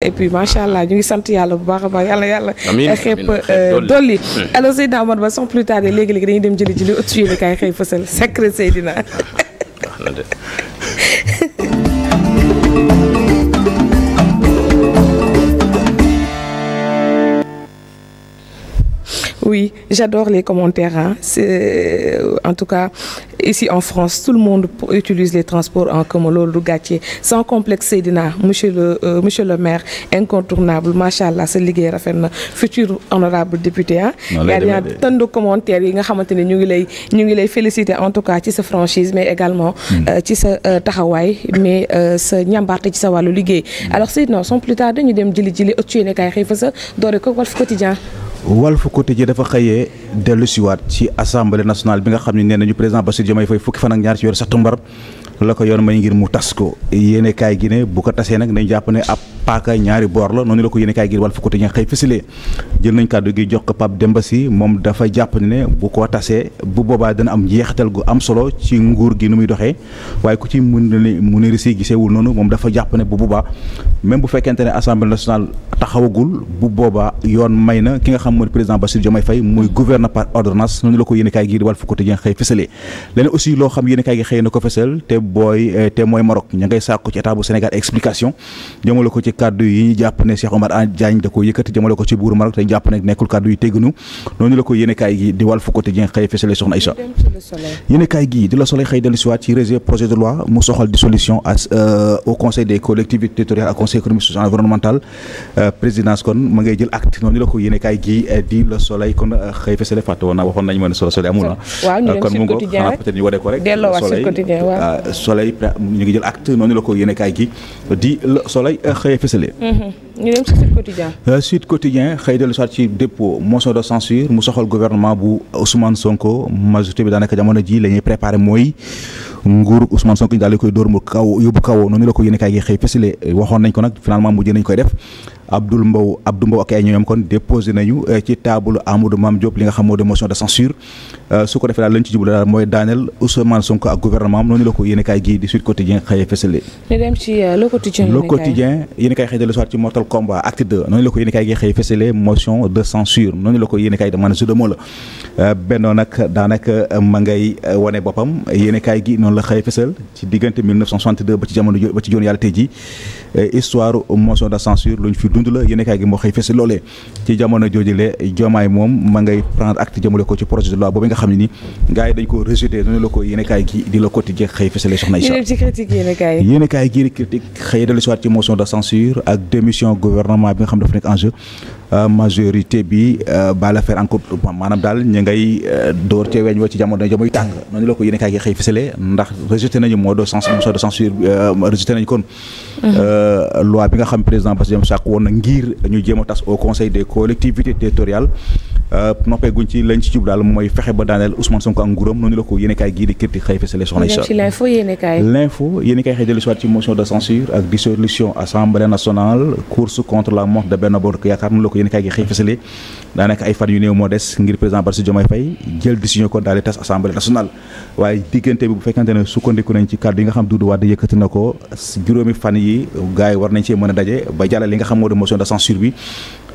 et puis allah ñu ngi sant yàlla bu baax a baax yàlla yàlla. amiin xepp euh, dolli. Hmm. alors Seydina Omar Ba sans plus tarder léegi léegi dañuy dem jëli jëli ëtt yéen a kaay xëy fësal sacré Seydina. Oui, j'adore les commentaires. Hein. C'est, en tout cas, ici en France, tout le monde utilise les transports en commun, loolu gàcce sans complexe Seydina monsieur le euh, monsieur le maire incontournable machallah sa liggéey rafet na futur honorable député ah yaa dinaa tonne yi nga xamante ne ñu ngi lay ñu ngi lay féliciter en tout cas ci sa franchise mais également hmm. euh, ci sa euh, taxawaay mais euh, sa ñambaarte ci sa wàllu liggéey hmm. alors Seydina sans plus tarder dañu dem jëli jëli ëttu yéene kaay xëy fa sa doore ko Walf Quotidien dafa xëyee dellusiwaat ci assemblée nationale bi nga xam ne nee nañu président Bassirou Diomaye Faye fukki fan ak ñaar ci weeru septembre la ko yoon may ngir mu tas ko yéene kaay gi ne bu ko tasee nag dañu jàpp ne ab paaka ñaari boor la noonu la ko yéene kaay gi wàl fa côté ña xëy fësilee jël nañ kàddu gi jox ko Pape Demba Sy moom dafa jàpp ne bu ko tasee bu boobaa dana am njeexital gu am solo ci nguur gi nu muy doxee waaye ku ci mun mu ni risi giseewul noonu moom dafa jàpp ne bu boobaa même bu fekkente ne assemblée nationale taxawagul bu boobaa yoon may na ki nga xam mooy président Bassirou Diomaye Faye muy gouverne par ordonnance noonu la ko yéene kaay gi wàl fa côté ña xëy fësilee leneen aussi loo xam yéene kaay gi xëy na ko fësal te booy euh, te mooy Maroc ña ngay sàkku ci état bu Sénégal explication jëmale ko ci kàddu yi ñu jàpp ne Cheikh Omar An Diagne da ko yëkkati jëmale ko ci buuru Maroc te jàpp nekkul kàddu yu tegginu noonu la ko yéenekaay gi di la Soleil xëy dellu si waat ci rejet projet de loi mu soxal dissolution euh, euh, kon ma ngay jël acte noonu la ko yéenekaay gi di la Soleil kon na soleil ñu ngi jël acte noonu la ko yéene kaay gi di le soleil euh, xëy fësale. Mhm. ñu dem ci Sud Quotidien. Euh, Sud Quotidien xëy dellu soit ci dépôt motion de censure mu soxal gouvernement bu Ousmane Sonko majorité bi daanaka jamono ji la ñuy préparé mooy nguur Ousmane Sonko ñu daal di koy dóor mu kaw yóbbu kawoo noonu la ko yéene kaay gi xëy fësale waxoon nañ ko nag finalement mujj nañ koy def. Abdoul Mbow Abdou Mbow ak ay ñoom kon déposé nañu euh, ci table Amadou Mame Diop li nga xam de motion de censure euh, su ko defee daal lañ ci jublu daal mooy daaneel Ousmane Sonko ak gouvernement am noonu la ko gi euh, xëyee fësale motion de censure noonu la ko yéen kaay la bennoo nag daanaka ma ngay wane boppam yéen gi noonu la xëyee fësal ci diggante ba ci jamono ba ci joon yàlla tey ji histoire motion de censure luñ fi dund la yéen kaay gi moo xëy fës ci jamono joojule Diomaye moom ma ngay prendre acte jëmale ko ci projet de loi boobu nga xam ni gars dañ ko rejeté noonu la ko yéen kaay gi di la côté jeex xëy fësale soxna Issa yéen kaay gi critique xëy dellu si waat ci motion de censure ak démission gouvernement bi nga xam ne nekk enjeu Euh, majorité bi euh, bala faire encore maanaam daal ñu ngay euh, door cee weñ wa ci jamono jamono tàng noonu la ko yéen a kaay gi xëy fisale ndax rejeté nañu mot de censure motion de censure rejeté nañu kon mhm. loi bi nga xam président Bassirou Diomaye Faye woon na ngir ñu jéem a tas au conseil des collectivité territoriales Euh, noppee guñ ci lañ ci jub daal mooy fexe ba daaneel Ousmane Sonko ak nguuram noonu la ko yéenekaay gii di critique xëy fesale soxna si l'info yéenekaay xëy dellu ci motion de censure ak dissolution assemblée nationale course contre la mort de Benno Bokk Yaakaar noonu la ko yéenekaay gi xëy fesale daanaka ay fan yu néew moo des ngir président Bassirou Diomaye nationale waaye diggante bi bu fekkante ne sukkandiku nañ ci kàddu yi nga xam Doudou na a daje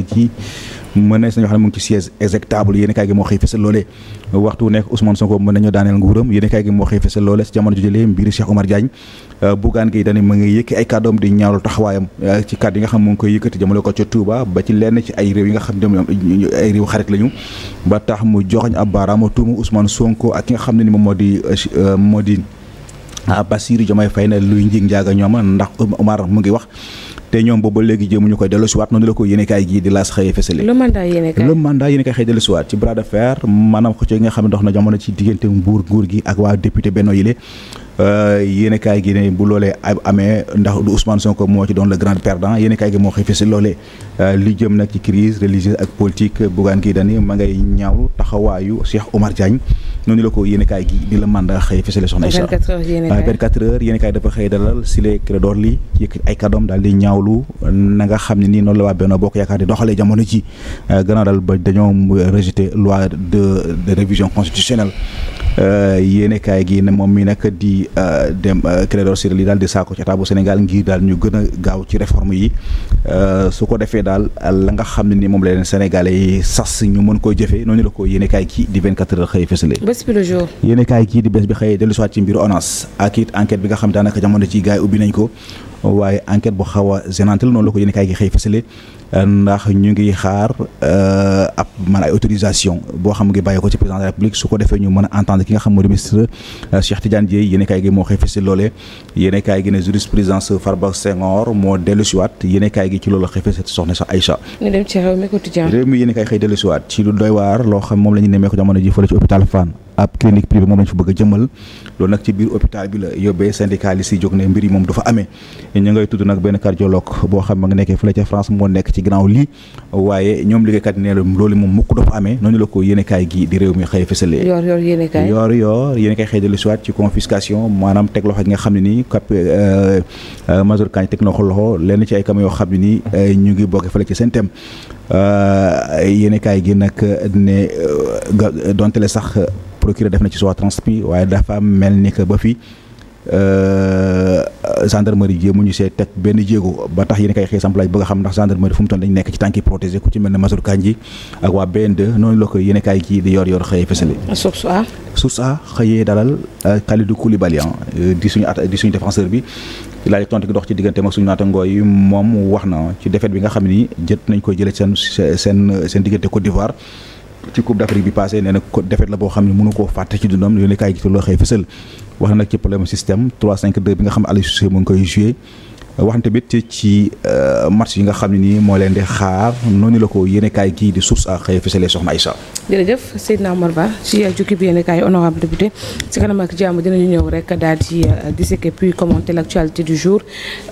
ne ci mënees nañu xam ne mu ngi ci siège exécutable yéen kaay gi moo xëy fësal loolee waxtu nekk Ousmane Sonko mën nañoo daaneel nguuram yéen kaay gi moo xëy fësal loolee si jamono jojëlee mbiru Cheikh Omar Diagne euh, Bougane Gueye Dany mu ngi yëkki ay euh, ci kàddu yi nga xam mu ngi koy yëkkati jëmale ko ca Touba ba ci lenn ci ay réew yi nga xam ne ay réew xarit lañu ba tax mu joxoñ ab baaraama tuuma Ousmane Sonko ak ki nga xam ne ni moom moo di euh, moo di Bassirou na luy njig njaaga te ñoom booba léegi jéemuñu koy dellusiwaat noonu la ko yéenekaay gii di laas xëyee fësale le mandat yéenekaay xëy dellusiwaat ci bras de fer maanaam xëccoo nga xam ne na jamono ci diggante nguur nguur gi ak waa député Benno yile Euh, yéen a kaay gi ne bu loolee amee ndax du Ousmane Sonko moo ci doon le grand perdant yéen a gi moo xëy fi si loolee euh, li jëm nag ci crise religieuse ak politique Bougane Gueye Dany ma ngay ñaawlu taxawaayu Cheikh Omar Diagne noonu la ko yéen a gi a euh, dafa xëy dalal si les crédor li ci ay kadoom daal di ñaawlu na nga xam ne noonu la waa Benno Bokk Yaakaar di doxalee jamono ji gannaaw daal ba dañoo rejeté loi de révision constitutionnelle yéen a kaay gi ne Euh, dem euh, Clédor Ciré Ly daal di saako ci état bu Sénégal ngir daal ñu gën a gaaw ci réforme yi euh, su ko defee daal la nga xam ne ni moom la leen Sénégalais yi sas ñu mën koo jëfee noonu la ko yéene kaay kii di 24 heures xëy fësale bés bi le jour yéene kaay kii di bés bi xëy dellu soit ci mbiru ONAS ak it enquête bi nga xam daanaka jamono ci gars ubbi nañ ko waaye enquête bu xaw a gênante la noonu la ko yéene kaay gi xëy Euh, ndax ñu ngi xaar euh, ab man ay autorisation boo xam ngi bàyyi ko ci président la république su ko defee ñu mën a entendre ki nga xam moo di ministre euh, Cheikh Tidiane Dièye yéen kaay gi moo xëy fësal loolee yéen gi ne jurisprudence Farba Senghor moo dellusiwaat yéen kaay gi ci loolu xëy fësal soxna sa Aïcha réew mi quotidien réew mi yéen ci lu doy waar loo xam moom la ñu nemee ko jamono ji fële ci hôpital Fann ab clinique privée moom lañ fa bëgg a jëmal loolu nag ci biir hôpital bi la yóbbee syndicaliste yi jóg ne mbir yi moom dafa amee ñu ngay tudd nag benn cardiologue boo xam ma nga nekkee fële ca France moo nekk ci gannaaw lii waaye ñoom liggéeykat yi ne loolu moom mukk dafa amee noonu la ko yéenekaay gi di réew mi xëy fësalee yor yor yéenekaay xëy dellu siwaat ci confiscation maanaam teg loxo gi nga xam ne nii cap euh, euh, major kañ teg na ko loxo lenn ci ay kam yoo xam ne nii euh, ñu ngi bokke fële ci seen thème yéenekaay gi nag ne donte le sax procureur def na ci soit transpi waaye dafa mel ni que ba fi euh, gendarmerie jéemuñu see teg benn jéego ba tax yéen kay xëy samplaaj bëgg a xam ndax gendarmerie fu mu toll dañu nekk ci tànki protégé ku ci mel ne Massour Kandji ak waa BN2 noonu la ko yéen kaay kii di yor yor xëyee fësale source a source a xëyee dalal euh, Kalidou Koulibaly euh, di suñ at di suñu défenseur bi laaj tontu gi dox ci diggante ak suñ naatangoo yi moom wax na ci defet bi nga xam ni jët nañ koy jëlee seen seen seen diggante Côte d'Ivoire ci coupe d' afrique bi passé nee na la boo xam ne mënu koo fàtte ci dundam yooyu gi ci loo xëy fësal wax na nag ci problème système 3 5 2 bi nga xam ne Aliou euh, yi nga xam ne moo leen di xaar noonu la ko yéene kaay gii di source ak xëy fësalee soxna ñëw rek daal di euh, disséquer puis commenter l' actualité du jour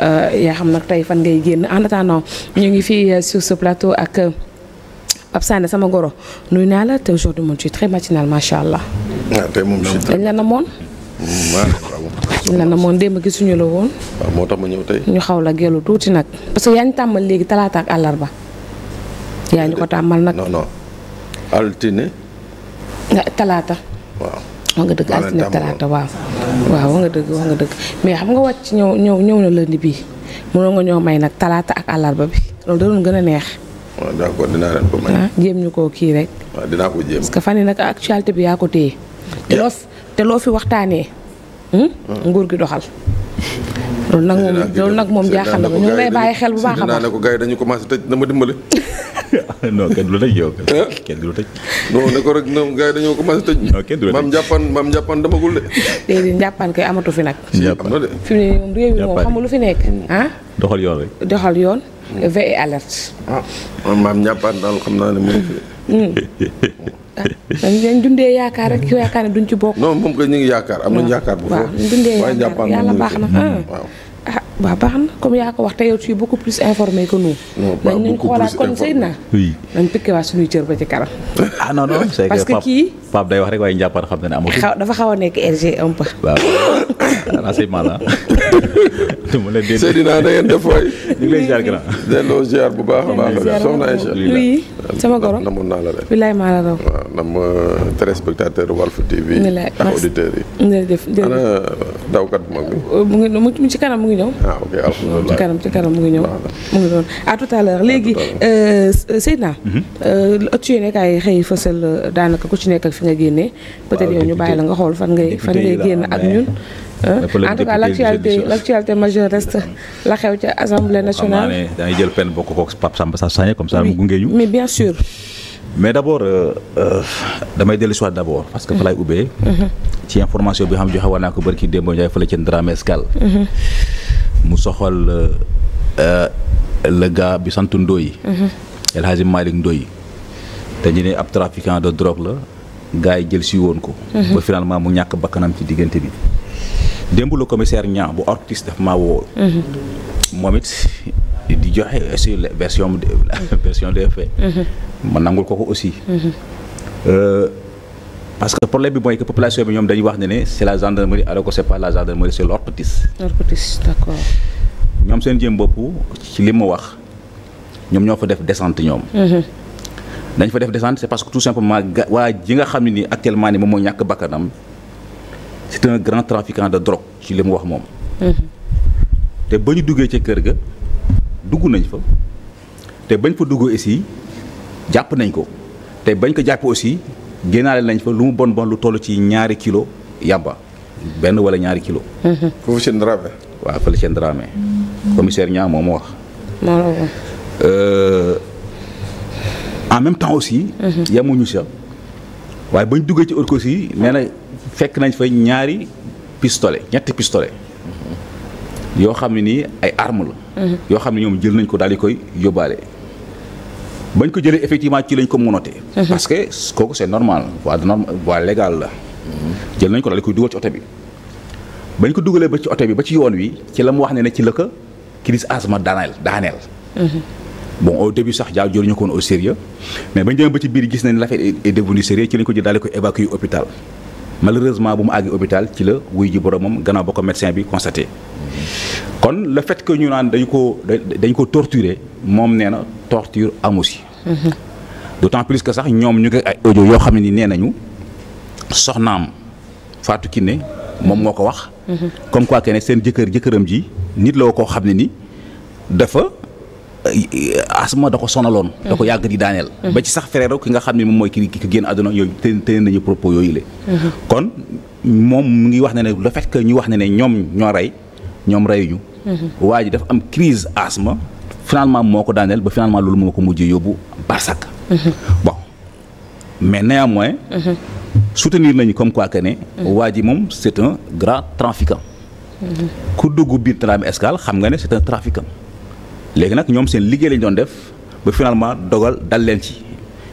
euh, yaa xam nag tey fan ngay génn en attendant ñu ngi fii sur plateau ak ab Sané sama goro nuyu naa la te aujourd'hui moom ci très matinal macha allah. Ah, dañ la namoon. la namoon démb gisuñu la woon. waaw moo tax ma ñëw tey. ñu xaw la gelu tuuti nag. parce que yaa ñu tàmmal léegi talaata ak àllarba. yaa ñu ko tàmbal nag non altine. Ah, talaata. waaw. nga dëgg altine talaata waaw. waaw nga dëgg wax nga dëgg mais xam nga ci ñëw ñëw ñëw na lënd bi mënoo nga ñëw may nag talaata ak àllarba bi loolu da gën a neex. waaw d'accord dinaa ah, jéem ñu koo kii rek. waaw dinaa ko fan yii nag actualité bi yaa ko téye. te loo fi waxtaanee. Hmm? Hmm. nguur gi doxal. loolu nag moom loolu nag moom jaaxal na ko ñu ngi lay bàyyi xel bu baax a baax ne ko gars yi dañu commencé tëj na ma dimbale. non la tëj yow. kenn du la tëj. non ne ko rek ñoom gars yi dañoo commencé tëj. non kenn du la tëj maam jàppaan maam jàppaan demagul de. léegi amatu fi nag. jàppaan am na fi mu ne lu doxal yoon rek. doxal yoon. veille et alerte. ah man maam xam naa ne moom. Hmm. Ah, dañ leen dundee yaakaar rek yaakaar ne duñ ci bokk. non moom kay ñu ngi yaakaar am nañu yaakaar bu foofu. Ah. waaw dundee yaakaar yàlla baax na waaw. waaw baax na comme yaa ko wax te yow tu es beaucoup plus informé que nous. non nañ xoolaat kon Seydina. oui nañ pikkiwaat suñuy cër ba ci kanam. ah non parce que kii Pape day wax rek waaye njàppar xam na ne amul. dafa xaw nekk RG un xanaa say mala dama la dégg Seydina da ngeen def waay. ñu ngi lay ziar grand. delloo ziar bu baax a baax. soxna Aïcha oui sama goro namoon naa la rek. bilaay maa la raw. waaw nam euh, téléspectateur Walf TV. ak auditeurs yi. jërëjëf jërëjëf ana euh, dawkat bu mag bi. Euh, mu ngi mu ci kanam mu ngi ñëw. ah ok alhamdulilah ci kanam ci kanam mu ngi ñëw. mu ngi doon à tout à l'heure léegi Seydina. ëttu mhm. yi nekk ay xëy fësal daanaka ku ci nekk ak fi nga génnee. peut-être yow ñu bàyyi la nga xool fan ngay fan ngay génn ak ñun en tout cas l'actualité l'actualité majeure reste la xew ca assemblée nationale. xam naa ne jël pen bokk koog Pape Samba Sassane comme ça mu gunge mais bien sûr. mais d' euh, euh, damay dellu si waat parce que fa laay ubbee. Mhm. ci information bi xam joxe woon naa ko barki Demba Ndiaye fële ci Ndramé Escale. Mhm. mu soxal euh, le bi sant Ndoye. Mhm. El Hadji Malick te ñu ne ab trafiquant de drogue la gars jël si woon ko. finalement mu ñàkk bakkanam ci diggante bi. démb la commissaire Niang bu artiste daf maa woo. Mhm. moom it di joxe aussi version la mhm. version des faits. Mhm. ma nangul ko ko aussi. Euh, parce que problème bi mooy que population bi ñoom dañuy wax ne ne c' est la gendarmerie alors que c' est pas la gendarmerie c' est l' ñoom seen jëm bopp ci li ma wax ñoom ñoo fa def descente ñoom. dañ fa def descente c' parce que tout simplement ga waa ji nga xam ne nii actuellement ni moom moo ñàkk bakkanam c'est un grand trafiquant de drogue ci li mu wax moom. te ba ñu duggee ca kër ga dugg nañ fa te bañ fa dugg aussi jàpp nañ ko te bañ ko jàpp aussi génnaale nañ fa lu mu bon bon lu toll ci ñaari kilo yàmba benn wala ñaari kilo foofu seen Dramé. waaw fële seen Dramé. commissaire ñaa moo ma wax. Euh, en même temps aussi. Mhm. yamuñu si waaye bañ duggee ci orkos yi fekk nañ fa ñaari pistolet ñett pistolet yoo xam ne nii ay arme la. Mhm. yoo xam ne ñoom jël nañ ko daal di koy yóbbaale. bañ ko jëlee effectivement ci lañ ko monote. Mhm. parce que kooku c' est normal voie normal voie légale la. Mhm. jël nañ ko daal di koy dugal ci oto bi. bañ ko dugalee ba ci oto bi ba ci yoon wi ci la mu wax ne ne ci la ko crise asma daaneel daaneel. bon au début sax jaa jël ñu ko woon au sérieux mais bañ demee ba ci biir gis nañ l'affaire est devenue sérieux ci lañ malheureusement bu mu àggi hôpital ci la wuy ji boromam gannaaw ba ko médecin bi constaté kon le fait que ñu naan dañu ko dañ ko moom nee na torture amu si d'autant plus que sax ñoom ñu ngi ay audio yoo xam ne ni nee nañu soxnaam ki ne moom moo ko wax mhm. comme quoi que seen jëkkër jëkkëram ji nit la ko xam ne ni dafa Euh, asma da ko sonaloon. da ko yàgg di daaneel. Mm-hmm. ba ci sax frère ki nga xam ne moom mooy ki ki génn àdduna yooyu tën tën nañu propos yooyu la. Mm-hmm. kon moom mu ngi wax ne ne le fait que ñu wax ne ne ñoom ñoo rey ñoom reyuñu. Mm-hmm. waa ji dafa am crise asma finalement moo ko daaneel ba finalement loolu moo ko mujjee yóbbu barsak. bon mais néanmoins. soutenir nañu comme quoi que ne. waa ji moom c' un grand trafiquant. ku dugg biir Salam Escale xam nga ne c' un trafiquant. léegi nag ñoom seen liggéey lañ doon def ba finalement dogal dal leen ci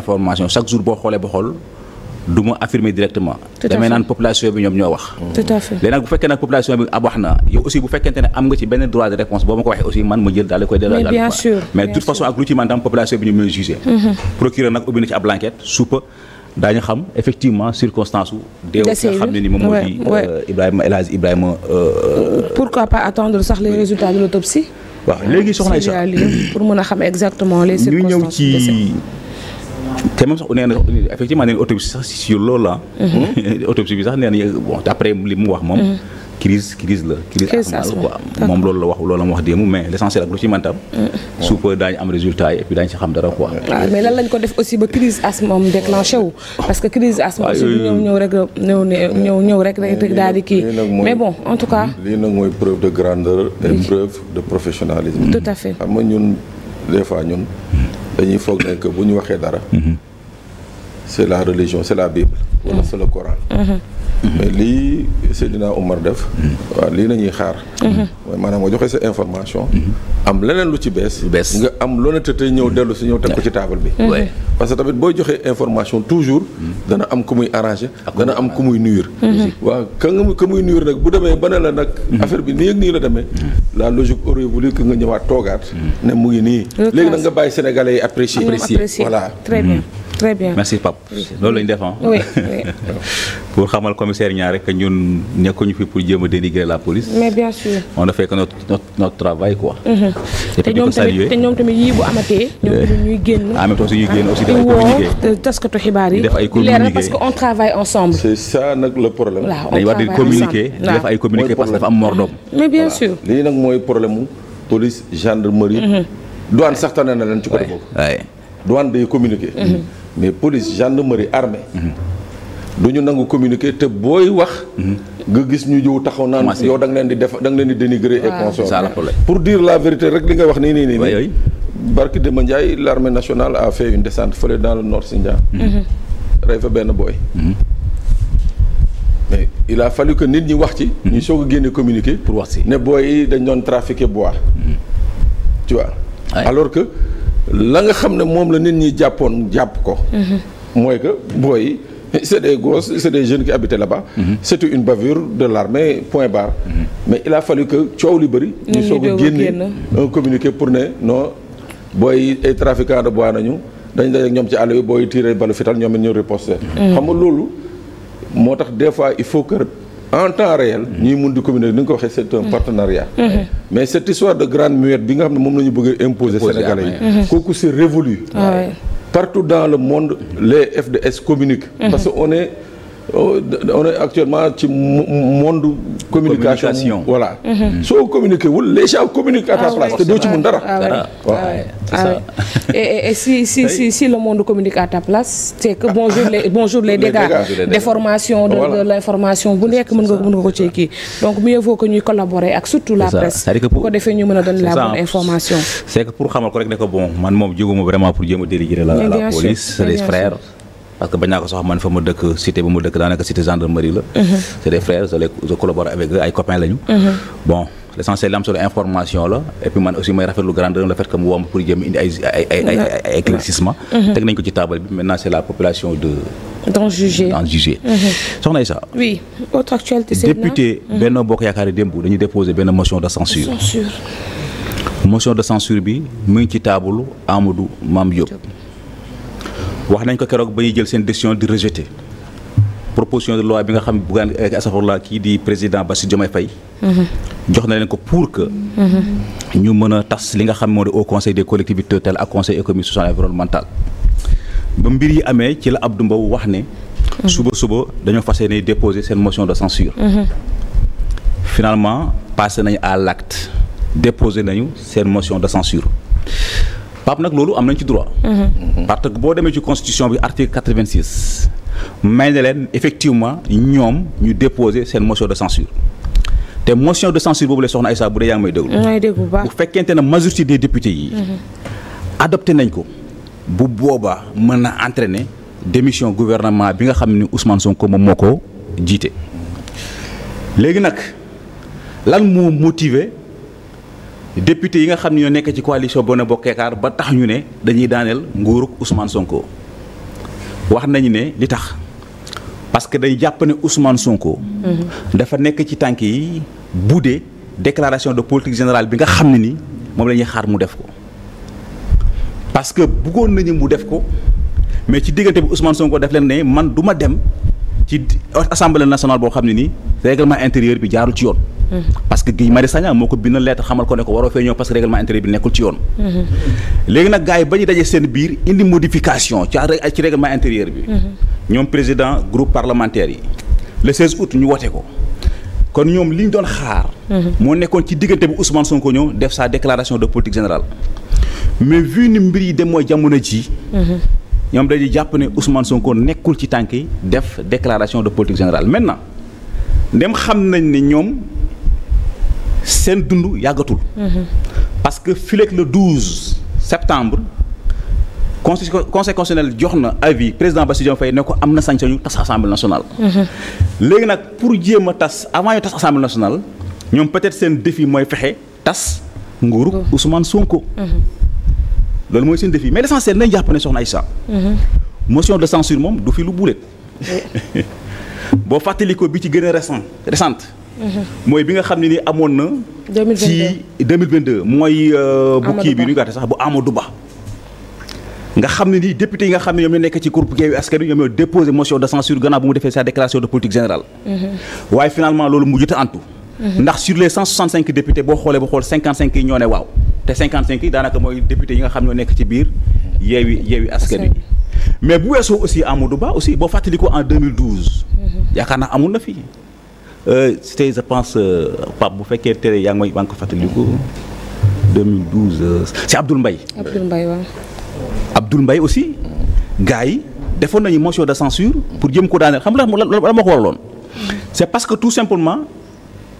information chaque jour boo xoolee ba du ma affirmer directement. damay naan population bi ñoom ñoo wax. tout nag bu fekkee nag population bi ab wax na yow aussi bu fekkente ne am nga ci benn droit de réponse boo ma ko waxee aussi man ma jël daal koy. mais bien sûr mm-hmm. a suupa daañu xam effectivement circonstance su. déew nga xam ne ni moom moo di euh, Ibrahima El Hadj Ibrahima. Euh, pourquoi pas attendre sax les résultats de l'autopsie. léegi soxna Aïcha pour mën a te même sax nee na effectivement nee na autopsie loolu la mhm. autopsie sax nee après li mu wax moom mhm. crise crise la crise asthmale moom loolu la wax loolu la ma wax démb mais l'essentiel ak lu ci mantam mhm. su peu daañu am résultat yi et puis ci xam dara quoi waaw mais lan lañ ko def aussi ba crise asthme moom déclenché parce que crise asthme aussi ñëw ñëw ñëw ñëw ñëw rek rek daal di mais bon en tout cas lii nag mooy preuve de grandeur et preuve de professionnalisme tout à fait dañuy foog ne que bu ñu waxee dara. Mm-hmm. c' est la religion c' est la Bible. wala c' est le Coran. Mm-hmm. mais lii Seydina Omar def. waaw lii la ñuy xaar. mooy maanaam nga joxe sa information. am leneen lu ci bees. bees nga am l'honnêteté ñëw dellu si ñëw teg ko ci taabal bi. parce que tamit booy joxe information toujours. dana am ku muy arrangé. dana am ku muy nuyur. Mm-hmm. waaw ka nga ku muy nuyur nag bu demee ba ne la nag. Mm-hmm. affaire bi nii ak nii la demee. Mm-hmm. la logique aurait voulu que nga ñëwaat toogaat. ne mu ngi nii. léegi nag nga bàyyi sénégalais apprécier. apprécier voilà. très bien merci Pape loolu la ñu def oui pour xamal commissaire ñaar rek ñun nekkuñu fi pour jéem a dénigrer la police. mais bien sûr on a fait que notre notre notre travail mhm. te ñoom tamit te yii bu amatee. ñoom tamit ñuy eh. génn. en même temps suñuy génn aussi def ay communiqué taskatu xibaar yi. def ay communiqué parce que on travaille ensemble. c'est ça nag le problème. voilà on travaille communiqué def ay communiqué parce que dafa am mor doom. mais bien sûr lii nag mooy problème mu police gendarmerie. Mhm. douane sax tane na leen ci côté boobu. douane day communiqué. Mhm. mais police gendarmerie du ñu nangu communiquer te booy wax. nga gis ñu jëw taxaw naan. yow da nga leen di def da leen di dénigrer et consorts. pour dire la vérité rek li nga wax nii nii nii. barki Demba Ndiaye l' armée nationale a fait une descente fële dans le nord Sindian. Mm-hmm. rey fa benn booy. Mm-hmm. mais il a fallu que nit ñi wax ci. Mm-hmm. ñu soog a génne communiqué pour wax si ne booy yi dañ doon trafiquer bois. tu vois alors que. la nga xam ne moom la nit ñi jàppoon jàpp ko. mooy que booy yi c' est des gosses c' est ba jeunes qui une bavure de l' point barre. mais il a fallu que coow li bëri. ñu soog a génne communiqué pour ne non booy yi ay trafiquants de bois nañu dañ daje ñoom ci àll bi booy tiré balu fital ñoom it ñu riposté. Mm. xam nga loolu moo tax des fois il faut que. en temps réel ñuy mun di communiquer ni nga ko waxee c'est un partenariat mm-hmm. Mm-hmm. mais cette histoire de grande muette bi nga xam ne moom la ñu bëgg a imposer yi kooku c'est révolu ah partout dans le monde les FDS communiquent mm-hmm. parce que on Euh, on est actuellement ci monde communication communication voilà. Mhm. soo communiqué wul les gens communiquent à ah dara. waaw ah ah et si si si si le monde communique à ta place c'est que bonjour les dégâts déformation de de l'information bu nekk mën nga ko mën nga ko cee kii donc mieux vaut que ñuy collaborer ak surtout la presse. bu ko defee ñu mën a donner la bonne information. c'est que pour xamal ko rek ne ko bon man moom jóguma vraiment pour jéem a diriger la la police les frères. parce que bañ ko sax man fa ma dëkk cité ba ma la. Mhm. c' est des frères collabore avec eux ay copains lañu. Mhm. bon l' essentiel li am la et puis man aussi may rafetlu grandeur le fait que mu womb pour jëm ay ay mhm. teg nañu ko ci table bi maintenant c' est la population de. d'en juger soxna Issa. oui député Benno Bokk Yaakaar yi démb dañuy déposé benn motion de censure. motion de censure bi mu ngi ci taabalu Amadou Mame Diop. wax nañ ko keroog ba ñuy jël seen décision di rejeter proposition de loi bi nga xam Bougane astaghfirullah kii di président Bassirou a Faye mm-hmm. jox na leen ko pour que mm-hmm. ñu mën a tas li nga xam moo di au conseil des collectivités territoriales ak conseil économique social environnemental ba mbir yi amee ci la Abdou Mbow wax ne mm-hmm. suba suba dañoo fas yéene déposer seen motion de censure finalement passé nañu à l'acte déposé nañu seen motion de censure Pape nag loolu am nañ ci droit. Mhm. Mhm. parce que boo demee ci constitution bi article quatre vingt six may na leen effectivement ñoom ñu déposer seen motion de censure te motion de censure boobu lay soxna Aïssa bu dee yaa ngi may déglu. bu fekkente ne majorité de députés yi. Mhm. adopté nañ ko bu boobaa mën na entraîner démission gouvernement bi nga xam ni Ousmane ko moom moo ko jiite léegi nag lan moo motive député yi nga xam ne ñoo nekk ci coalition Benno Bokk Yaakaar ba tax ñu ne dañuy daaneel nguuruk Ousmane Sonko wax nañu ne li tax parce que dañ jàpp ne Ousmane Sonko. Mhm. dafa nekk ci tànk yi budde déclaration de politique générale bi nga xam ne ni moom la ñuy xaar mu def ko parce que bëggoon nañu mu def ko mais ci diggante bi Ousmane Sonko def leen ne man du ma dem ci assemblée nationale boo xam ne nii règlement intérieur bi jaarul ci yoon. Mm-hmm. parce que Guy Marius Sagna moo ko bind lettre xamal ko ne ko waroo fee ñëw parce que règlement intérieur bi nekkul ci yoon. Mm-hmm. léegi nag gars ba ñu daje seen biir indi modification ci ci intérieur bi. Mm-hmm. ñoom président groupe parlementaire yi. le 16 août ñu wote ko. kon ñoom li ñu doon xaar. moo nekkoon ci diggante bi Ousmane Sonko ñëw def sa déclaration de politique ñoom dañuy jàpp ne Ousmane Sonko nekkul ci tànk yi def déclaration de politique générale maintenant ndem xam nañ ne ñoom seen dund yàggatul. Mhm. parce que fileeg le 12 septembre. conseil conseil constitutionnel jox na avis président Bassirou Diomaye Faye ne ko am na sañ-sañu tas assemblée nationale. Mhm. léegi nag pour jéem a tas avant ñu tas assemblée nationale ñoom peut-être seen défi mooy fexe tas nguuru Ousmane Sonko. Mhm. loolu mooy seen défi mais l' essentiel nañ jàpp ne soxna Aïssa mhm. motion de censure moom du fi lu bulet boo fàttalikoo bi ci gën a récent récente mhm. mooy bi nga xam ne nii amoon na ci 2022 mooy euh, bu kii bi ñu gàtte sax bu Amadou Ba nga xam ne ni député yi nga xam ne ñoom ñoo nekk ci groupe Yewwi Askan Wi ñoom ñoo déposé motion de censure gannaaw bu mu defee sa déclaration de politique générale mhm. waaye finalement loolu mujjut a antu ndax sur les 165 députés boo xoolee ba xool 55 yi ñoo te 55 yi daanaka mooy député yi nga xam ñoo nekk ci biir yeewi yeewi askan wi mais bu weesoo aussi Amadou Ba aussi boo fàttali ko en 2012. Mm-hmm. yaakaar amul na fi. Euh, c'était je pense euh, Pape bu fekkee tere yaa ngi may maa ngi ko fàttaliku 2012 euh, c'est Abdoul Mbaye. aussi gars yi defoon nañu motion de censure pour jëm ko daaneel xam nga lan moo ko waraloon. Mm-hmm. c'est parce que tout simplement.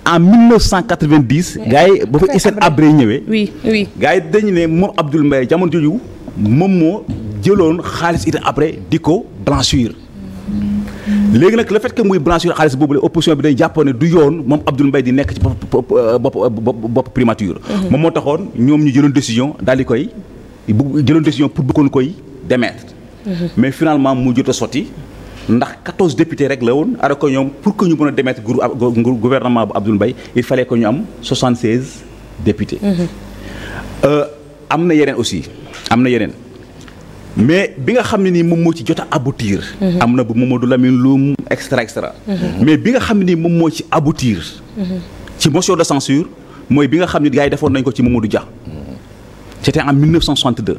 en 1990. gars yi ba fa Hissène Habré ñëwee. oui oui gars yi dañu ne moom Abdoul Mbaye jamono jooju moom moo jëloon xaalis it après di ko blanchir. léegi nag le fait que muy blanchir xaalis boobu la opposition bi day jàppoon ne du yoon moom Abdoul Mbaye di nekk ci bopp bopp euh, euh, bopp primature. Mhm. moom moo taxoon ñoom ñu jëloon décision daal di koy bu jëloon décision pour bëggoon koy démettre. Mhm. mais finalement mu jot a sotti. ndax 14 députés rek la woon alors que ñoom pour que ñu mën a démettre gouvernement bu Abdoul Mbaye il fallait que ñu am 76 députés. Mhm. Euh, am na yeneen aussi am na yeneen. mais bi nga xam ne nii moom moo ci jot a aboutir. Mhm. am na bu Mamadou Lamine Loum extra extra. Mhm. mais bi nga xam ne moom moo ci aboutir. ci motion de censure mooy bi nga xam ne gars yi defoon nañ ko ci Mamadou Dia. c'était en 1962.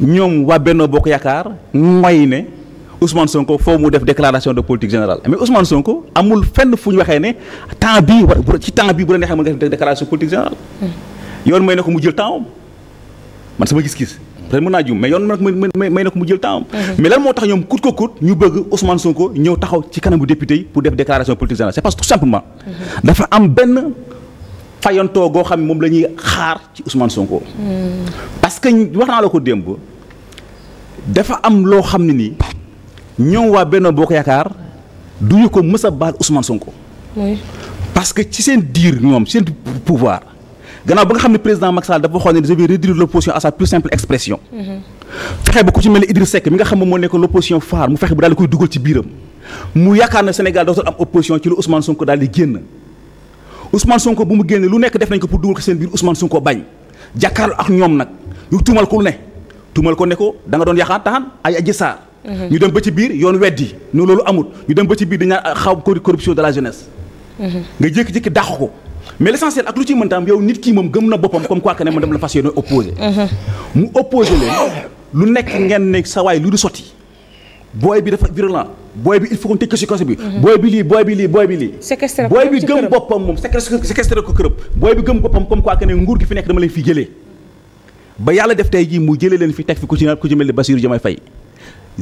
ñoom waa Benno Bokk Yaakaar mooy ne Ousmane Sonko foo mu def déclaration de politique générale mais Ousmane Sonko amul fenn fu ñu waxee ne temps bii war ci bu la neexee mën def déclaration politique générale. Hmm. yoon may na ko mu jël temps am man sama gis-gis. peut-être mën naa juum mais yoon may may ko mu jël temps hmm. mais lan moo tax ñoom coûte que coûte ñu bëgg Ousmane Sonko ñëw taxaw ci kanamu député pour def déclaration politique générale c'est parce que tout simplement. Hmm. dafa fayantoo goo xam ne moom la ñuy xaar ci Ousmane Sonko. parce que wax naa la ko démb dafa am loo xam ne nii ñoom waa Benno Bokk Yaakaar du ñu ko mës a baal Ousmane Sonko. parce que ci seen diir ñoom seen pouvoir gannaaw ba nga xam ne président Macky Sall dafa waxoon ne je vais réduire l'opposition à sa plus simple expression. Mm-hmm. fexe ba ku ci mel ni Idriss Seck mi nga xam ne moo nekk l'opposition phare mu fexe bi daal di koy dugal ci biiram mu yaakaar na Sénégal dootul Ousmane Sonko bu mu génne lu nekk def nañ ko pour dugal ko seen biir Ousmane Sonko bañ jàkkaarloo ak ñoom nag ñu tuumal ko lu ne tuumal ko da nga doon yaxaan taxan ay Adji Sarr mhm. ñu dem ba ci biir yoon weddi no loolu amut ñu dem ba ci biir dañaa xaw corruption de la jeunesse mhm. nga jékki-jékki dàq ko mais l' essentiel ak lu ci mënta am yow nit kii moom gëm na boppam comme quoi que ne ma dem la fas yéene opposé mhm. mu opposé leen lu nekk ngeen ne sa waay lu du sotti booy bi dafa virulent booy bi il faut que ñu tëj ko si kaso bi. Mhm. booy bi lii booy bi lii booy bi lii. booy bi gëm boppam moom séquestré ko kërëb booy bi gëm boppam comme quoi que ne nguur gi fi nekk dama leen fi jëlee ba yàlla def tey jii mu jëlee leen fi teg fi ku ci ku ci mel ni Bassirou Diomaye Faye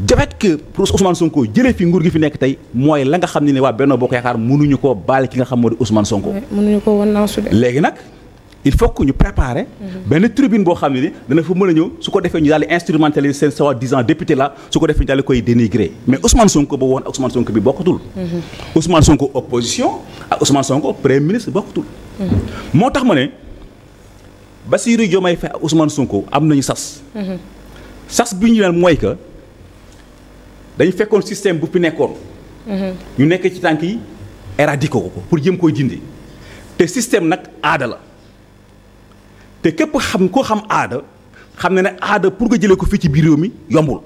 jafet que pour Sonko jëlee fi nguur gi fi nekk tey mooy la nga xam ni ne waa Benno Bokk Yaakaar mënuñu koo baal ki nga xam moo di Ousmane Sonko. mënuñu ko woon léegi nag il faut que ñu préparer mhm. benn tribune boo xam ne ni dana fa mën a ñëw su ko defee ñu daal di instrumentaliser seen soi-disant député là su ko defee ñu daal di koy dénigrer mais Ousmane Sonko ba woon ak Ousmane Sonko bi bokkatul mhm. Ousmane Sonko opposition ak Ousmane Sonko premier ministre bokkatul mhm. moo tax ma ne Bassirou Diomaye Faye ak Ousmane Sonko am nañu sas sas bi ñu leen mooy que dañu fekkoon système bu fi nekkoon ñu nekk ci tànk yi éradiquer ko ko pour jëm koy dindi te système nag aadala te képp xam koo xam aada xam ne ne aada pour nga jëlee ko fii ci biir réew mi yombul.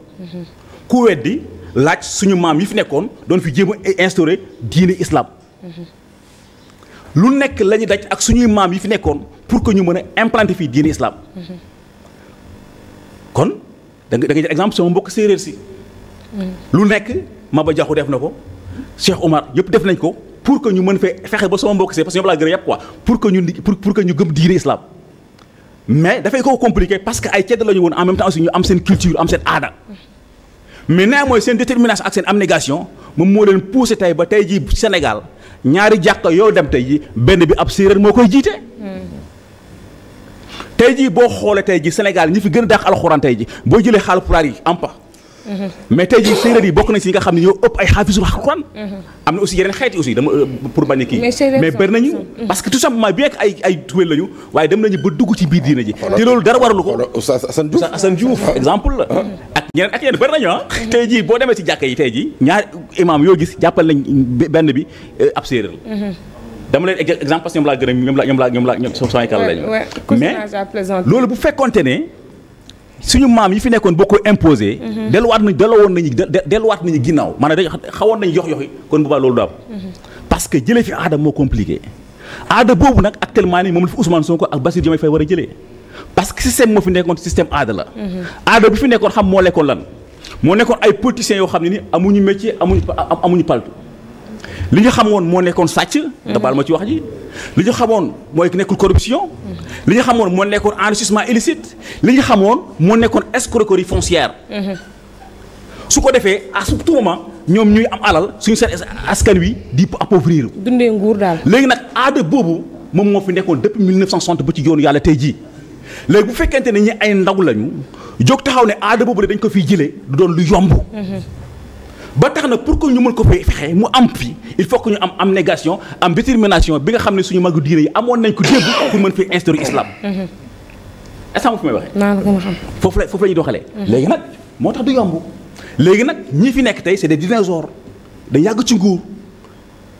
ku weddi laaj suñu maam yi fi nekkoon doon fi jéem a instauré diine islam. lu nekk la ñu daj ak suñuy maam yi fi nekkoon pour que ñu mën a implanter fii diine islam. kon da nga da nga jël exemple sama mbokk séeréer si. lu nekk Maba Diakhou def na ko Cheikh Omar yëpp def nañ ko pour que ñu mën fee fexe ba sama mbokk séeréer parce que ñoom laa gën a yàpp quoi pour que ñu pour que ñu mais dafay ko compliqué parce que ay cedda lañu ñu woon en même temps aussi ñu am seen culture am seen aada mais nee mooy seen détermination ak seen abnégation moom moo leen poussé tey ba tey jii Sénégal ñaari jàkka yoo dem tey jii benn bi ab séeréer moo koy jiite. tey jii boo xoolee tey jii Sénégal ñi fi gën a dàq alxuraan tey jii boo jëlee xaalpulaar yi am mais tey jii séeréer yi bokk nañ si nga xam ne ñoo ëpp ay xaafisul Alxuraan am na aussi yeneen xeet aussi dama euh, pour bañ mais bëri nañu parce que tout simplement bien que ay ay tuwél lañu waaye dem nañu ba dugg ci biir diina ji te loolu dara waralu ko Oustaz Assane Diouf Oustaz Assane Diouf exemple la lañu mais loolu bu fekkonte ne suñu maam yi fi nekkoon boo ko imposé. Mhm. delluwaat nañ delloo woon nañu delluwaat nañu ginnaaw maanaam dañu xawoon nañu yox yoxi kon bu baax loolu du am. Mhm. parce que fi aada moo compliqué. aada boobu nag actuellement nii moom la fi Ousmane Sonko ak Bassirou Diomaye Faye war a jëlee parce que système moo fi nekkoon système aada la. Mhm. aada bu fi nekkoon xam moo lekkoon lan. moo nekkoon ay politiciens yoo xam ne ni amuñu métier amuñu amuñu paltu. li ñu xamoon moo nekkoon sàcc. te baal ma li ñu xamoon mooy nekkul corruption. li ñu xamoon moo nekkoon enrichissement illicite. li ñu xamoon moo nekkoon escroquerie foncière. su ko defee à tout moment ñoom ñuy am alal suñu seen askan wi di appauvrir. dundee nguur daal. léegi nag aada boobu moom moo fi nekkoon depuis 1960 ba ci yoonu yàlla tey ji léegi bu fekkente ne ñi ay ndaw lañu jóg taxaw ne aada boobu dañ ko fiy jëlee du doon lu yomb. Mhm. ba tax na pour que ñu mën ko fay fexe mu am fi. il faut que ñu am abnégation am détermination bi nga xam ne suñu magu diine yi amoon nañ ko démb pour mën fi instaurer islam. est fi may waxee. foofu la foofu la ñuy doxalee. Mhm. léegi nag moo tax du yomb léegi fi nekk tey c'est des dinosaures dañ yàgg ci nguur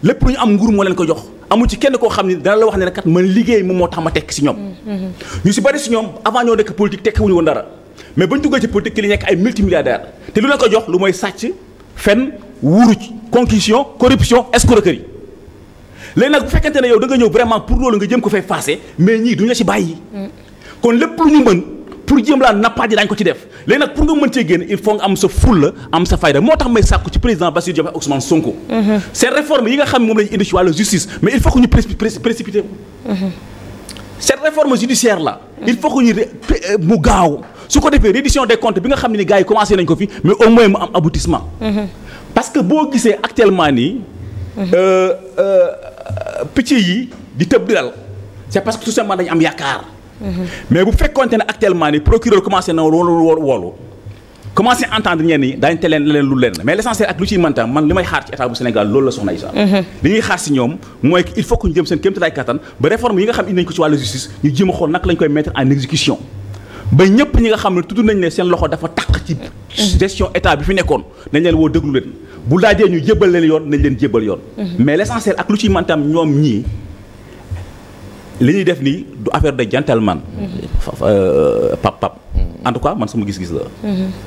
lépp lu ñu am nguur moo leen ko jox. amul ci kenn koo xam ni dana la wax ne kat man liggéey moom moo tax ma tekk si ñoom. Mhm. ñu si bari si ñoom avant ñoo nekk politique tekki wuñu woon dara mais bañ duggee ci politique ki li nekk ay multimilliardaires te wuuru concussion corruption escroquerie léegi nag bu fekkente ne yow da nga ñëw vraiment pour loolu nga jëm ko fay faase mais ñii duñu la ci bàyyi. kon lépp lu ñu mën pour jëm laa nappaaje daañu ko ci def léegi nag pour nga mën cee génn il faut nga am sa fulla am sa fayda moo tax may sàkku ci président Bassirou Diomaye Ousmane Sonko. Mhm. ces réformes yi nga xam moom la ñu indi ci wàllu justice mais il faut que ñu précipité ko. Mhm. cette réforme judiciaire là. il euh, bi nga xam ne ni gars yi commencé nañ ko fi mais au moins mu parce que boo gisee actuellement nii. Mhm. Euh, euh, picc yi di tëb di dal c'est parce que tout simplement dañu am yaakaar. Mhm. mais bu fekkonte ne actuellement nii procureur commencé na woolu woolu woolu commencé entendre ñenn ñi daañu te leen leen lu leen mais l'essentiel ak lu ciy mënta man li may xaar ci état bu Sénégal loolu la soxna Issa. Mhm. li ñuy xaar si ñoom mooy il faut que ñu jëm seen kéemtalaay kattan ba réforme yi nga xam indi nañu ko ci wàllu justice ñu jéem a xool lañ koy mettre en ba ñëpp ñi nga xam ne tudd nañ ne seen loxo dafa taq ci gestion état bi fi nekkoon nañ leen woo déglu leen bu laajee ñu jébbal leen yoon nañ leen jébbal yoon mhm. mais l'essentiel ak lu ci mantam ñoom ñii li ñuy def nii du affaire de gentleman pap mhm. euh, pap mhm. en tout cas man sama gis-gis la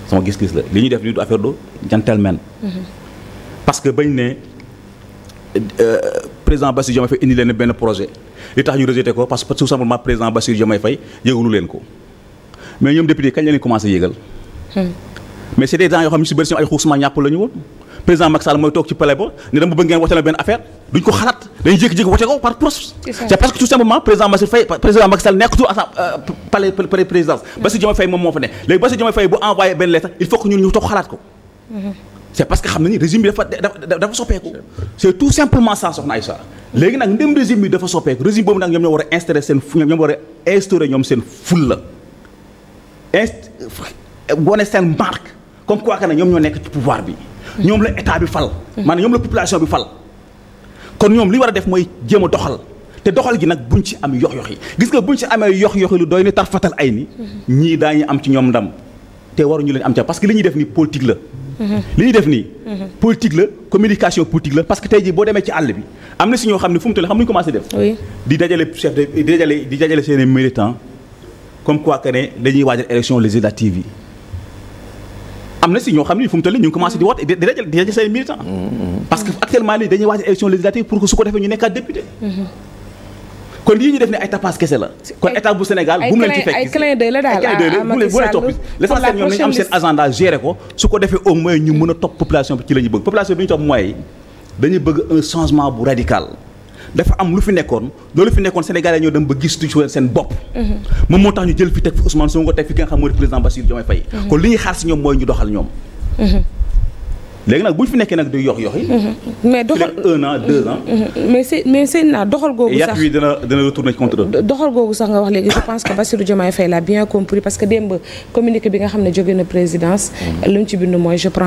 sama gis-gis la li ñuy def nii du de gentleman parce que bañ ne euh, président Bassirou Diomaye Faye indi leen benn projet li tax ñu rejeté ko parce que tout simplement président Bassirou Diomaye Faye yëgulu leen ko mais ñoom député kañ la ñuy yéegal. Hmm. mais c'est des gens yoo xam ne si bëri ay xuusuma ñàpp la woon président Macky Sall mooy toog ci palais ba ne dama bëgg ngeen wote la benn affaire duñ ko xalaat dañuy jékki-jékki wote ko par procès. c'est parce que tout simplement président Macky Faye président Macky Sall nekkatul à euh, palais palais présidence. Hmm. moom moo fa ne léegi Bassirou Diomaye Faye bu envoyé benn il faut que ñun ñu toog xalaat ko. Hmm. c'est parce que xam a instauré inst wane seen marque comme quoi que ne ñoom ñoo nekk ci pouvoir bi. ñoom la état bi fal. maanaam ñoom la population bi fal. kon ñoom li war a def mooy jéem a doxal te doxal gi nag buñ ci am yox-yox gis nga buñ ci amee yox-yox lu doy ni tar ay ni. ñii daañu am ci ñoom ndam te waruñu leen am ca parce que li ñuy def nii politique la. li ñuy def nii. politique la communication politique la parce que tey jii boo demee ci àll bi am na si ñoo xam ne fu mu toll xam nu comme quoi que ne dañuy waajal élection législative yi am na si ñoo xam ne fu mu nii ñu ngi di woote di dajal di dajal say mm, mm, mm. parce que actuellement lii dañuy waajal élection législative pour que su ko defee ñu nekkaat député mm-hmm. kon lii ñu def ne ay tapas kese la kon état bu Sénégal bu mu leen ci fekk ay clin d'œil la daal ah, bu ko su ko defee au ñu mën a topp population bi ci la ñu bëgg population bi ñu topp mooy dañuy bëgg un dafa am lu fi nekkoon loolu fi nekkoon Sénégalais ñoo dem ba gis tu seen bopp mhm. moom moo tax ñu jël fi teg fi Ousmane Sonko teg fi ki nga xam mooy président Bassirou Diomaye Faye mhm. kon li ñuy xaar si ñoom mooy ñu doxal ñoom mhm. léegi nag bu ñu fi nekkee nag du yox yox yi. Mhm. mais doxal un an deux ans. Mhm. mais si mais seen naa doxal googu sax nga wax léegi je pense que Bassirou Diomaye Faye l'a bien compris parce que démb communiqué bi nga xam ne jóge na présidence. Mhm. lu mu ci bind mooy je prends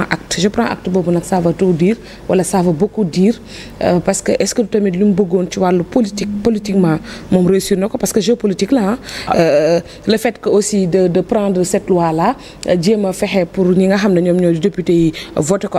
euh, parce que est-ce que tamit lu ci wàllu politique politiquement moom réussir na ko parce que géopolitique la ah. Euh, le fait que aussi de de prendre cette loi là euh, jéem fexe pour ñi nga xam ne ñoom ñoo député yi voté ko.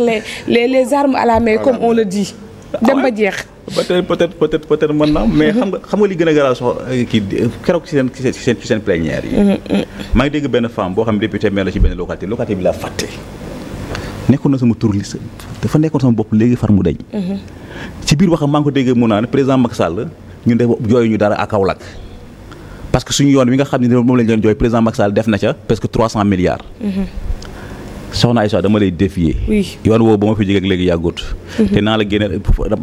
avec les les les comme on le dit. dem ba jeex. peut-être peut-être mais xam nga li gën a garaaw sox euh, kii keroog ci seen ci yi. Mm-hmm, mm-hmm. maa dégg benn femme boo xam député maire ci benn localité localité bi laa fàtte. nekkoon na sama tur liste dafa nekkoon sama bopp léegi far mu dañ. Mm-hmm. ci biir waxam maa ngi ko dégg mu naan président Macky Sall ñun de jooyu ñu dara à Kaolack. parce que suñu yoon wi nga xam ne moom lañ doon jooy président Macky Sall def na ca presque trois soxna Aïssa dama lay défier. oui yoon woowu ba ma fi jógeeg léegi yàggut. Mhm. te naa la génne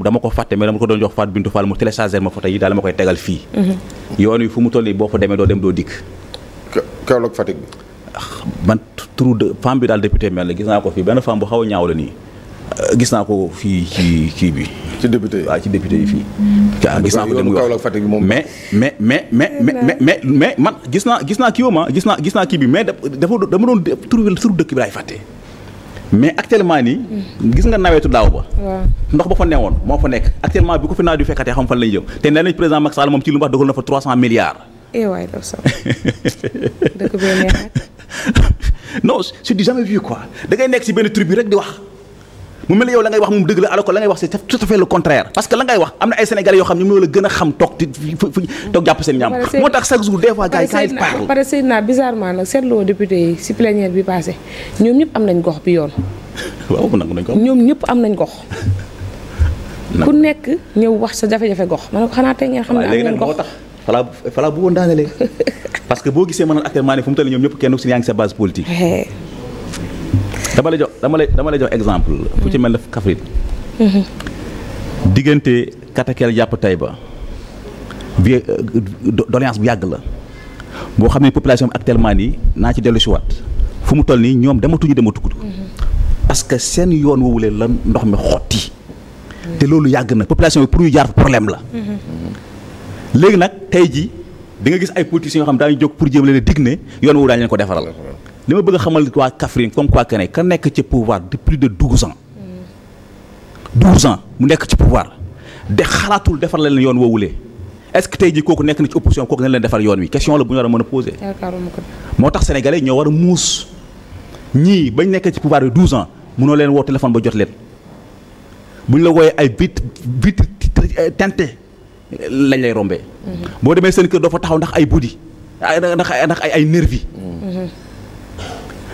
dama ko fàtte mais dama ko doon jox Fatou Bintou Fall mu télécharger ma photo yi daal ma koy tegal fii. Mhm. yoon wi fu mu toll nii boo fa demee doo dem doo dikk. Kaolack Fatick bi. Ah, man trou de femme bi daal député mel na gis naa ko fii benn femme bu xaw a ñaaw la nii. gis naa ko fii kii bi. ci député yi waaw ci député yi fii. Mm. gis naa ko dem mais mais mais mais mais mais man gis naa gis naa kii woom ah, gis naa gis naa kii bi mais dafa dama doon trouvé sur dëkk bi laay fàtte. mais nii. Mm. gis nga nawetu daaw ba. ndox ba fa newoon moo fa nekk actuellement bi ko fi naa bi fekkatee xam fan lañu jëm te nee nañ président Macky Sall moom ci lu mu wax dogal na fa 300 milliards. eh waay daw sax dëkk quoi da ngay nekk si benn truc bi rek di wax. mu mel yow la ngay wax moom dëgg la alors que la ngay wax c'est tout à fait le contraire parce que la ngay wax am na ay sénégalais yoo xam ñoom ñoo gën a xam toog ti toog jàpp seen ñaam moo tax chaque jour ñoom ñëpp am nañ ko ñoom ñëpp nekk ñëw wax sa jafe-jafe gox ma ne ko xanaa tey ngeen bu woon daanelee parce que boo gisee mën a actuellement ne fu mu toll ñoom ñëpp kenn ku si yaa ngi sa base politique dama lay jox dama lay dama lay jox exemple. fu ci mel ne Kaffrine. diggante Katakel jàpp Taïba. vie euh, doléance bu yàgg la. boo xam ne population bi actuellement nii naa ci dellu si fu mu toll nii ñoom dematuñu dematuñu. parce que seen yoon woowu leen la ndox mi xotti. te loolu yàgg na population bi pour ñu jaar fa la. léegi nag tey ji di nga gis ay politiciens yoo xam daañu jóg pour jéem leen a dig ne yoon woowu daañu leen ko defaral. li ma bëgg a xamal waa Kaffrine comme quoi que ka nekk ci pouvoir de plus de douze ans douze ans mu nekk ci pouvoir de xalaatul defar leen yoon woowule est-ce que tey jii kooku nekk na ci opposition kooku na leen defar yoon wi question la bu ñu war a mën a posé moo tax sénégalais ñoo war a muus ñii bañ nekk ci pouvoir bi douze ans mënoo leen woo téléphone ba jot leen bu ñu la wooyee ay vitre vitre teinté lañ lay rombee mm-hmm. boo demee seen kër doo fa taxaw ndax ay buddi ndax ndax ay ay nervi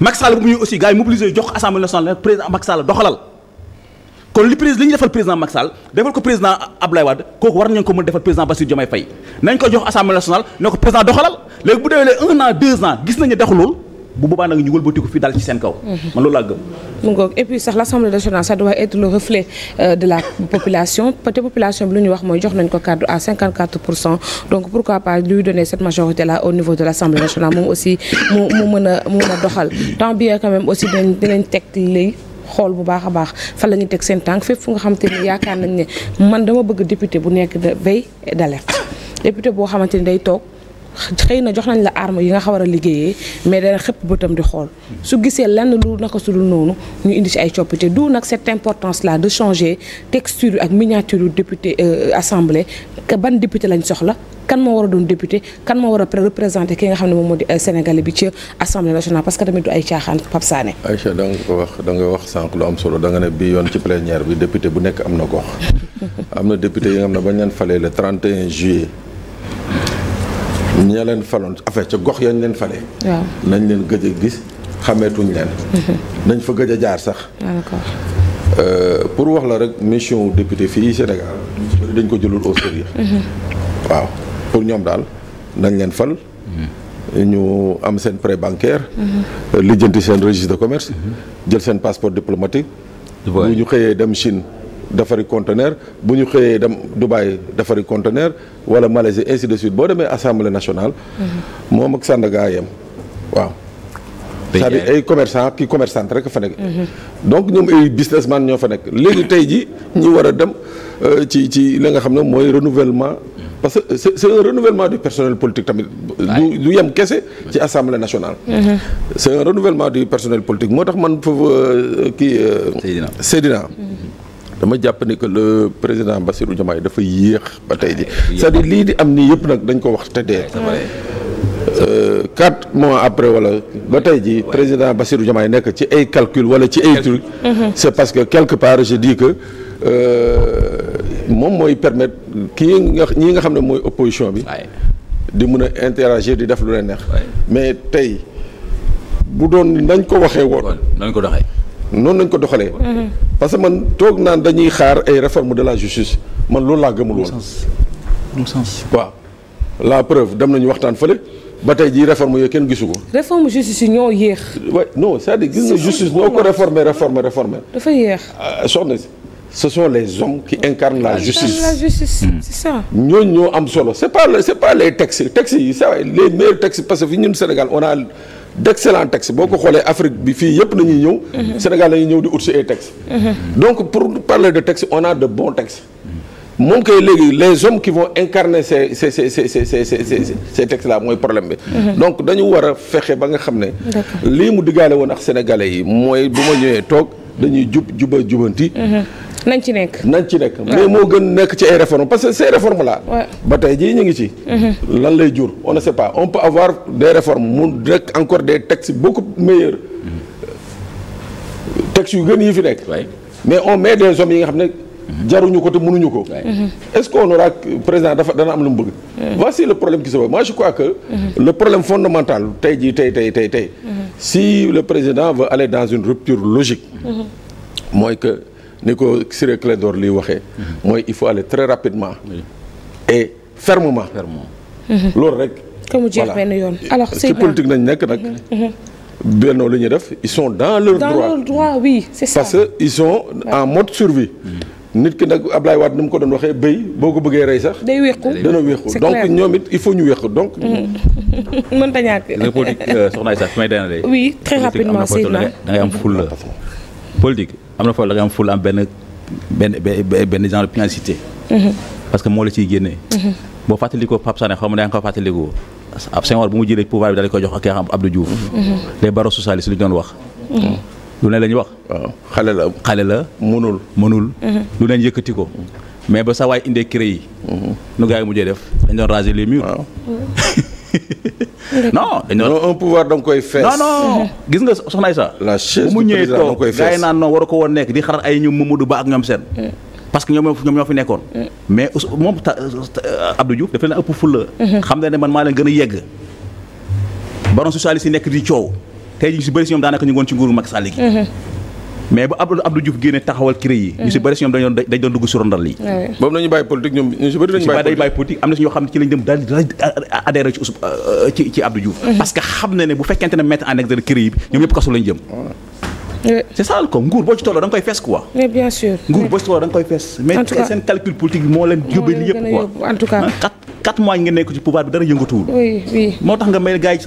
Macky Sall bu ñuy aussi gars yi mobilisé jox assemblée nationale président Macky doxalal kon li président li ñu defal président Macky defal ko président Abdoulaye Wade kooku war nañu ko mën defal président Bassirou Diomaye Faye nañ ko jox assemblée nationale ne ko président doxalal léegi bu déwénee un an deux ans gis nañu ne bu boobaa nag ñu wëlbatiku fi dal ci seen kaw. Mhm. man loolu laa gëm. mu ngoog et puis sax l'Assemblée nationale ça doit être le reflet euh, de la population te population bi lu ñu wax mooy jox nañ ko kàddu à 54 pour cent donc pourquoi pas lui donner cette majorité là au niveau de l'Assemblée nationale moom aussi mu mu mën a mu mën a doxal tant bien quand même aussi dinañ dinañ teg lii. xool bu baax a baax fan la ñuy teg seen tànk fépp fu nga xamante ni yaakaar nañ ne man dama bëgg député bu nekk de veille d'alerte député ni day toog xëy na jox nañ la arme yi nga xawar a liggéeyee mais dana xëpp bëtam di xool su gisee lenn lu naka su dul noonu ñu indi ci ay coppite du nag cette importance là de changer texture ak miniature yu député euh, assemblée que kan moo war a doon député kan moo war a représenté ki nga xam ne moom moo di euh, Sénégalais bi ci assemblée nationale parce que tamit du ay caaxaan Pape Sané. Aïcha da ko wax da wax sànq lu am solo da ne bii yoon ci plénière bi député bu nekk ña leen faloon affaire ca gox yañ leen falee nañ leen gëj a gis xameetuñ leen mhm. nañ fa gëj a jaar sax ah, euh, pour wax la rek mission député fii Sénégal dañ ko jëlul au sérieux mhm. waaw pour ñoom daal nañ leen fal mhm. ñu am seen prêt bancaire lijjanti seen registre de commerce jël seen passeport diplomatique bu ñu xëyee dem Chine dafari conteneur bu ñu xëyee dem Dubaï dafari conteneur wala Malaisie ainsi de suite boo demee assemblée nationale. Mhm. moom ak Sandaga yem waaw. c'est-à-dire ay commerçant ki commerçante rek fa nekk. Mhm. donc ñoom ay businessman ñoo fa nekk léegi tey ji ñi war dem euh, ci ci li nga xam ne mooy renouvellement. parce que c'est, c'est un renouvellement du personnel politique tamit. du du yem kese ci assemblée nationale. Mhm. c'est un renouvellement du personnel politique moo tax dama jàpp ni que le président Bassirou Diomaye dafa yéex ba tey ji cest dire lii di am nii yëpp nag dañ ko wax te dee euh, quatre mois après wala ba tey ji président Bassirou yi nekk ci ay calcul wala ci ay truc mm-hmm. c'est parce que quelque part je dis que euh, moom mooy permettre kii nga ñii nga xam ne mooy opposition bi di mun a interagir di def lu leen neex mais tey bu doon nañ ko waxee woon nañ ko doxee noonu lañ ko doxalee. Mhm. parce que man toog naan dañuy xaar ay réforme de la justice man loolu laa gëmul woon. bon sens waaw la preuve dem nañu waxtaan fële ba tey jii réforme yooyu kenn gisu ko. réforme justice yi ñoo yéex. waaw non c'est-à-dire gis nga justice noo ko réformer réformer réformer. dafa yéex. Euh, soxna si ce sont les hommes qui incarnent la justice la justice hmm. ñoo am solo c'est pas c'est pas les textes textes yi sa les meilleurs textes parce que fi ñun Sénégal on a. d'excellents textes boo ko xoolee Afrique bi fii yëpp nañuy ñëw. Sénégal lañuy ñëw di ut si ay textes. donc pour parler de textes on a de bons textes. moom kay léegi les hommes qui vont incarner ces ces ces ces ces ces ces mooy problème bi. Mhm. donc dañu war a fexe ba nga xam ne. lii mu diggaale woon ak sénégalais yi mooy bu ma ñëwee toog dañuy jub juba jubanti. Mhm. nañ ci nekk nañ ci nekk mais moo gën nekk ci ay réformes parce que ces réformes là ba tey jii ñu ngi ci mhm. lan lay jur on ne sait pas on peut avoir des réformes mu nekk encore des textes beaucoup meilleurs mhm. textes yu gën yi fi nekk mais on met des hommes yi nga xam ne mhm. jaruñu ko te mënuñu ko est-ce qu'on aura président dafa dana am lu mu bëgg voici le problème qui se pose moi je crois que le problème fondamental tey jii tey tey si le président veut aller dans une ni ko Ciré Clédor liy waxee. Mhm. mooy il faut aller très rapidement. et fermement. Mhm. loolu rek. que mu jeex benn yoon alors ci politique nañ nekk nag. Mhm. bennoo li ñu def ils sont dans leur droit dans parce que ils sont en mode survie. nit ki nag Ablaye Wade ni mu ko doon waxee béy boo ko bëggee rey sax. day wéqu dana wéqu donc ñoom it il faut ñu wéqu donc. mënta ñàkk. la politique euh, soxna Aïssa fi may danalee. oui très rapidement da ngay am fulla politique. am na foofu la nga am ful am benn benn benn genre pugnacité. Mhm. parce que moo la ci génnee. Mhm. boo fàttalikoo Pape Sané xaw ma daa nga ko fàttalikoo ab Senghor bu mu jëlee pouvoir bi daal di ko jox ak yaa xam Abdou Diouf. Mhm. les barreaux socialistes lu ñu doon wax. lu ne lañu wax. xale la xale la. mënul mënul. lu ne yëkkati ko. mais ba sa waay indee créé yi. nu gars yi mujjee def dañ doon raser les murs. non. non un pouvoir da nga koy fees. non non gis nga soxna Aïssa. la chaise du président da nga koy fees bu mu ñëwee toog gars yi naan noonu war a ko woon nekk di xaar ay ñoom Mamadou Ba ak ñoom seen. Eh. parce que ñoom ñoom ñoo fi nekkoon. Eh. mais moom Abdou Diouf dafa leen ëpp fulla. Eh. xam na ne man maa leen gën a yegg. baron socialiste yi nekk di coow tey jii si bëri si ñoom daanaka ñu ngoon ci nguuru Macky Sall gi. mais ba Abdou Abdou Diouf taxawal CREI yi ñu si bëri si ñoom dañoon dañ doon dugg si yi boobu nañu bàyyi politique ñu si bëri dañu bàyyi politique am na si ñoo xam ne ci lañ dem daal di euh, ci Abdou Diouf mhm. parce que xam na ne bu fekkente ne mettre en exergue CREI bi ñoom ñëpp kaso nguur boo ci tolloo da koy fees mais bien sûr seen calcul politique moo leen yóbbee li yëpp quoi en tout cas quatre mois nga nekk ci pouvoir bi dara yëngatuwul. moo tax nga may